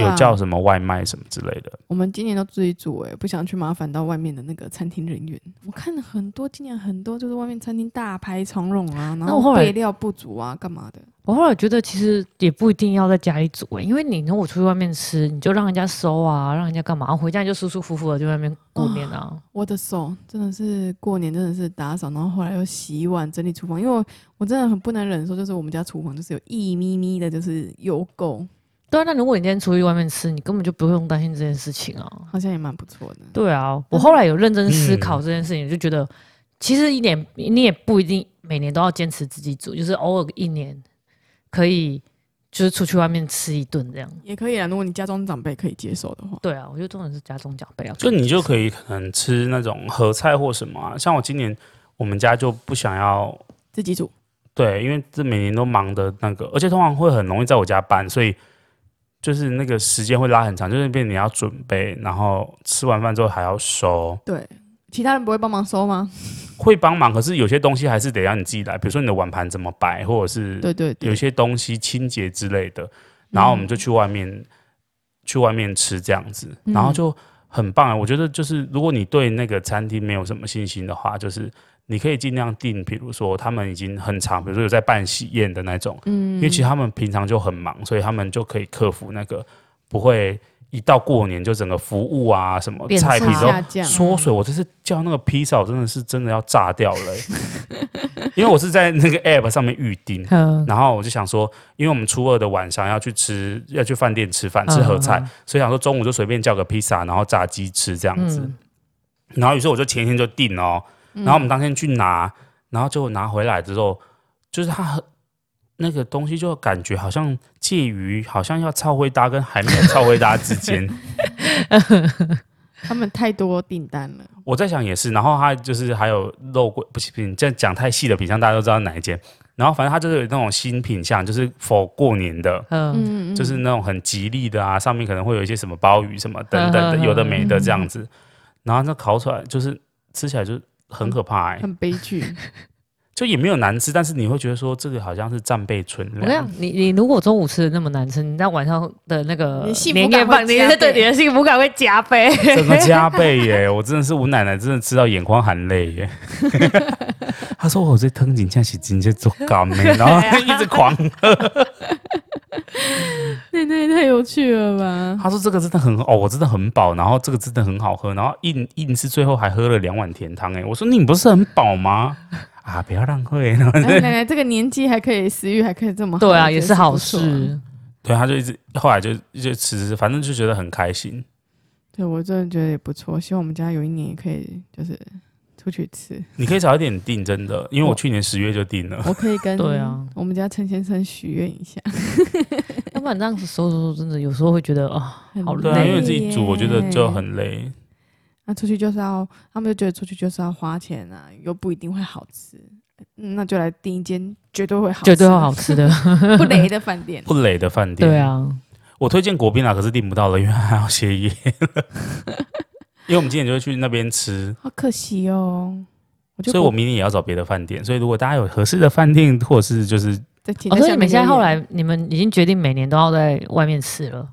有叫什麼外賣什麼之類的，啊、我們今年都自己煮。哎，不想去麻煩到外面的那個餐廳人員。我看了很多，今年很多就是外面餐廳大排長龍啊，然後配料不足啊，幹嘛的。我後來覺得其實也不一定要在家裡煮、欸，哎，因為你跟我出去外面吃，你就讓人家收啊，讓人家幹嘛，我回家就舒舒服服的在外面過年啊、哦。我的手真的是過年真的是打掃，然後後來又洗碗整理廚房，因為我我真的很不能忍受，就是我們家廚房就是有一咪咪的，就是油垢。對、啊，那如果你今天出去外面吃，你根本就不用擔心這件事情啊、哦。好像也蠻不錯的。對啊，我後來有認真思考這件事情，嗯、就覺得其實一年你也不一定每年都要堅持自己煮，就是偶爾一年可以就是出去外面吃一頓這樣也可以啊。如果你家中長輩可以接受的話，對啊，我覺得重點是家中長輩啊，就你就可以可能吃那種合菜或什麼啊。像我今年我們家就不想要自己煮，對，因為這每年都忙的那個，而且通常會很容易在我家辦，所以。就是那個時間會拉很長，就是那邊你要準備，然後吃完飯之後還要收。對，其他人不會幫忙收嗎？會幫忙，可是有些東西還是得讓你自己來，比如說你的碗盤怎麼擺，或者是對對，有些東西清潔之類的對對對。然後我們就去外面、嗯，去外面吃這樣子，然後就很棒啊！我覺得就是，如果你對那個餐廳沒有什麼信心的話，就是。你可以盡量定，比如說他們已經很常，比如說有在辦喜宴的那種，嗯，因為其實他們平常就很忙，所以他們就可以克服那個，不會一到過年就整個服務啊什麼啊菜品都縮水。我這次叫那個披薩，我真的是真的要炸掉了、欸， [LAUGHS] 因為我是在那個 app 上面預訂，嗯，然後我就想說，因為我們初二的晚上要去吃要去飯店吃飯吃合菜、嗯，所以想說中午就隨便叫個披薩，然後炸雞吃這樣子，嗯、然後於是我就前一天就訂哦。然後我們當天去拿，嗯、然後結果拿回來之後，就是他那個東西就感覺好像介於好像要超會搭跟還沒有超會搭之間。 [LAUGHS] 他們太多訂單了。我在想也是，然後他就是還有肉桂，不不這樣講太細的品相大家都知道哪一件。然後反正他就是有那種新品相，就是 for 過年的，嗯，就是那種很吉利的啊，上面可能會有一些什麼鮑魚什麼等等的，有的沒的這樣子、嗯。然後那烤出來就是吃起來就很可怕哎、欸，很悲劇，就也沒有難吃，但是你會覺得說，這個好像是戰備存量。對你你，你如果中午吃的那麼難吃，你那晚上的那個年年你幸福感，你是對你的幸福感會加倍，怎麼加倍耶、欸？我真的是我奶奶真的吃到眼眶含淚耶、欸， [LAUGHS] 他說我在湯井家是直接做乾麵，然後一直狂呵呵。 [LAUGHS] [LAUGHS] 奶 [LAUGHS] 奶太有趣了吧？他說這個真的很哦，我真的很飽，然後這個真的很好喝，然後硬硬是最後還喝了兩碗甜湯哎、欸。我說你不是很飽嗎？ [LAUGHS] 啊，不要浪費。奶 [LAUGHS] 奶、哎，這個年紀還可以，食欲還可以這麼好。對啊，是啊也是好事。對，他就一直後來就一直吃，反正就覺得很開心。對我真的覺得也不錯，希望我們家有一年也可以就是。出去吃，你可以早一點訂，真的，因為我去年十月就訂了。我可以跟對啊，我們家陳先生許願一下，要 [LAUGHS] 不然這樣子收拾真的，有時候會覺得哦很，好累、啊，因為自己煮，我覺得就很累。那出去就是要，他們就覺得出去就是要花錢啊，又不一定會好吃，嗯、那就來訂一間絕對會好吃、絕對好吃的 [LAUGHS] 不雷的飯店，不雷的飯店。對啊，我推薦國賓啊，可是訂不到了，因為還要協議。 [LAUGHS] 因為我們今天就會去那邊吃，好可惜哦、喔！所以，我明年也要找別的飯店。所以，如果大家有合適的飯店，或者是就是，在而且，每天後來你們已經決定每年都要在外面吃了。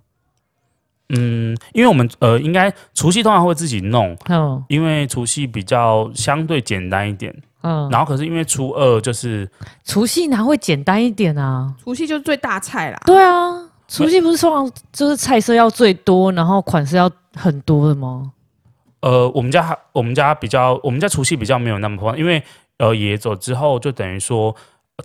嗯，因為我們呃，應該除夕通常會自己弄，嗯、因為除夕比較相對簡單一點。嗯，然後可是因為初二就是除夕，還會簡單一點啊？除夕就是最大菜啦。對啊，除夕不是通常就是菜色要最多，然後款式要很多的嗎？呃，我們家我們家比較，我們家除夕比較沒有那麼慌，因為呃，爺爺走之後，就等於說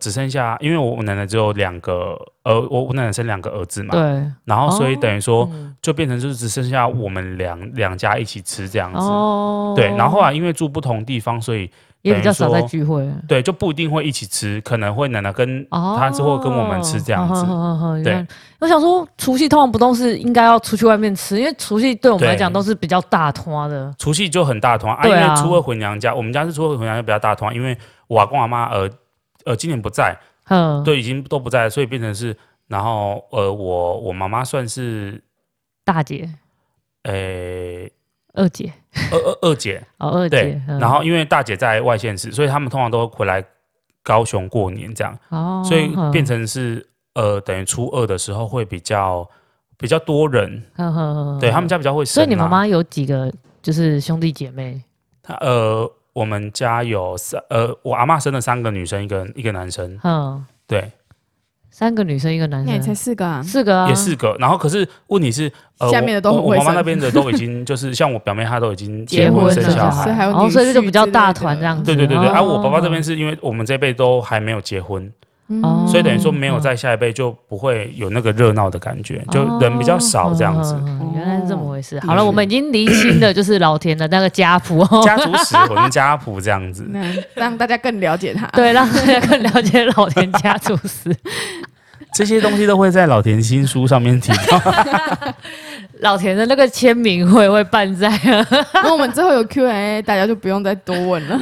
只剩下，因為我，我奶奶只有兩個，呃，我我奶奶生兩個兒子嘛，對，然後所以等於說、哦、就變成就是只剩下我們兩兩家一起吃這樣子，哦、對，然後啊，因為住不同地方，所以。也比較少在聚會，對，就不一定會一起吃，可能會奶奶跟、oh, 他之後跟我們吃這樣子。Oh, oh, oh, oh, 對，我想說，除夕通常不都是應該要出去外面吃，因為除夕對我們來講都是比較大團的。除夕就很大團、啊啊，因為初二回娘家，我們家是初二回娘家比較大團，因為我阿公阿媽呃呃今年不在，對，已經都不在，所以變成是，然後呃我我媽媽算是大姐，二姐，二二二姐 [LAUGHS] 哦，二姐。對呵呵，然後因為大姐在外縣市，所以他們通常都回來高雄過年這樣。哦，所以變成是呵呵呃，等於初二的時候會比較比較多人。呵呵呵，對他們家比較會生啊。所以你媽媽有幾個就是兄弟姐妹？她呃，我們家有三呃，我阿嬤生了三個女生，一個一個男生。嗯，對。三個女生，一個男生，你才四個啊？四個、啊、也四個，然後可是問題是、呃，下面的都會我媽媽那邊的都已經 [LAUGHS] 就是像我表妹，她都已經結婚，結婚了生小孩對對對，哦，所以就比較大團這樣子。對對對而，哦哦啊，我爸爸這邊是因為我們這輩都還沒有結婚，嗯哦，所以等於說沒有在下一輩就不會有那個熱鬧的感覺，就人比較少這樣子。哦哦哦，原來是這麼回事。嗯，好了，嗯，我們已經離心的就是老田的那個家譜，哦，家族史，咳咳家譜這樣子，讓大家更了解他。對，讓大家更了解老田家族史。咳咳這些東西都會在老田新書上面提到 [LAUGHS] 老田的那個簽名會不會辦在，那我們之後有 Q A，大家就不用再多問了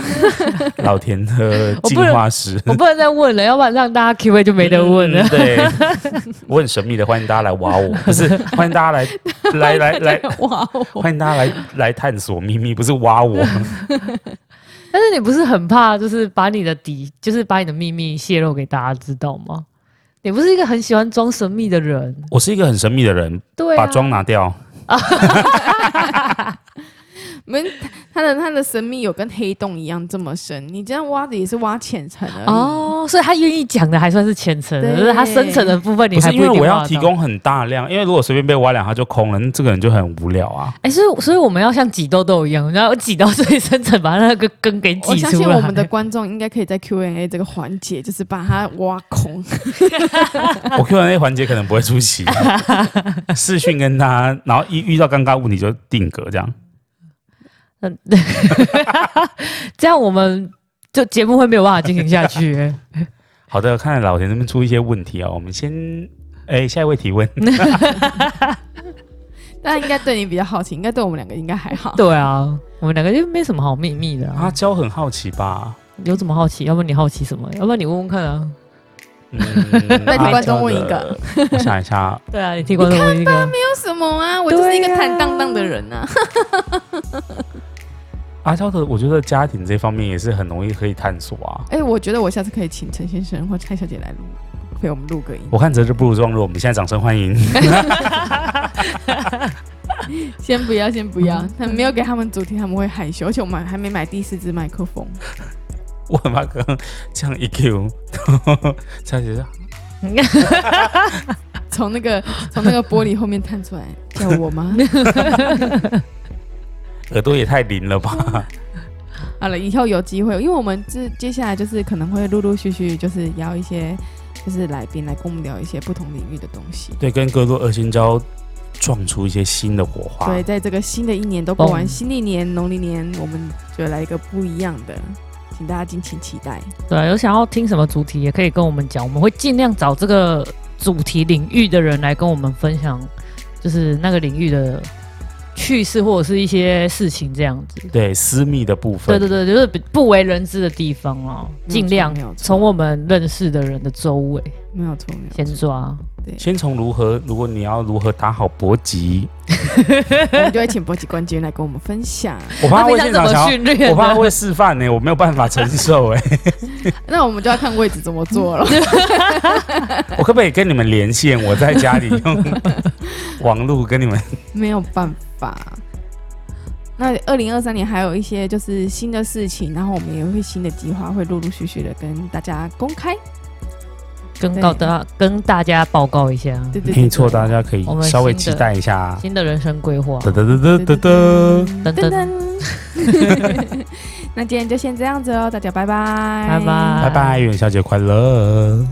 [LAUGHS] 。老田的進化史， [LAUGHS] [LAUGHS] 我不能再問了，要不然讓大家 Q A 就沒得問了、嗯。對， [LAUGHS] 我很神秘的，歡迎大家來挖我，不是歡迎大家來來來來挖我，歡迎大家來來、來、來、大家來、來探索秘密，不是挖我。 [LAUGHS] 但是你不是很怕，就是把你的底，就是把你的秘密泄露給大家知道嗎？你不是一個很喜歡裝神秘的人，我是一個很神秘的人，對啊、把妝拿掉。 [LAUGHS] [LAUGHS] 們，他的他的神秘有跟黑洞一樣這麼深，你這樣挖的也是挖淺層的哦，所以他願意講的還算是淺層，可、就是他深層的部分你還不。不是因為我要提供很大量，因為如果隨便被挖兩下就空了，那這個人就很無聊啊。哎、欸，所以所以我們要像擠痘痘一樣，然後擠到最深層，把他那個根給擠出來。我相信我們的觀眾應該可以在 Q A 這個環節，就是把它挖空。 [LAUGHS] 我 Q A 環節可能不會出席 [LAUGHS] [LAUGHS] 視訊跟他，然後一遇到尷尬問題就定格這樣。嗯， [LAUGHS] 這樣我們就節目會沒有辦法進行下去、欸。 [LAUGHS] 好的，看老田那邊出一些問題啊、喔，我們先哎、欸、下一位提問。 [LAUGHS] 那 [LAUGHS] 應該對你比較好奇，應該對我們兩個應該還好。對啊，我們兩個就沒什麼好秘密的、啊。阿、啊、嬌很好奇吧？有什麼好奇？要不然你好奇什麼？要不然你問問看啊。那沒關係，問一個。 [LAUGHS] 我想一下。對啊，你替我看吧，看沒有什麼啊，我就是一個坦蕩蕩的人啊。 [LAUGHS] 阿、啊、嬌的，我覺得家庭這方面也是很容易可以探索啊。哎、欸，我覺得我下次可以請陳先生或蔡小姐來錄，陪我們錄個音。我看擇日不如撞日，我們現在掌聲歡迎。 [LAUGHS] [LAUGHS] [LAUGHS] 先不要，先不要，他們沒有給他們主題，他們會害羞。而且我們還沒買第四支麥克風。我很怕剛這樣一 Q，蔡小姐從這 [LAUGHS] [LAUGHS] 那個從那個玻璃後面探出來，叫我嗎？ [LAUGHS] [LAUGHS] 耳朵也太靈了吧！ [LAUGHS] 好了，以後有機會，因為我們這接下來就是可能會陸陸續續就是邀一些就是來賓來跟我們聊一些不同領域的東西。對，跟龜 Look 二仙嬌撞出一些新的火花。對，在這個新的一年都過完，新曆年，Oh. 農曆年，我們就來一個不一樣的，請大家敬請期待。對，有想要聽什麼主題，也可以跟我們講，我們會盡量找這個主題領域的人來跟我們分享，就是那個領域的。去世或者是一些事情這樣子，對，私密的部分，對對對，就是不為人知的地方哦、喔，儘量從我們認識的人的周圍。沒有錯，先做啊。對，先從如何，如果你要如何打好搏擊， [LAUGHS] 我們就會請搏擊冠軍來跟我們分享。我怕會現場，我怕會示範呢、欸，我沒有辦法承受哎、欸。 [LAUGHS] [LAUGHS] 那我們就要看位置怎麼做了。 [LAUGHS] [LAUGHS] 我可不可以跟你們連線？我在家裡用網絡跟你們。 [LAUGHS] 沒有辦法。那二零二三年還有一些就是新的事情，然後我們也會新的計劃會陸陸續續的跟大家公開。跟大、啊、跟大家報告一下，沒錯，大家可以稍微期待一下、啊、新的人生規劃。噔噔噔噔噔噔噔噔，噔噔噔噔噔 [LAUGHS] [LAUGHS] [LAUGHS] 那今天就先這樣子嘍，大家拜拜，拜拜拜拜，元宵節快樂！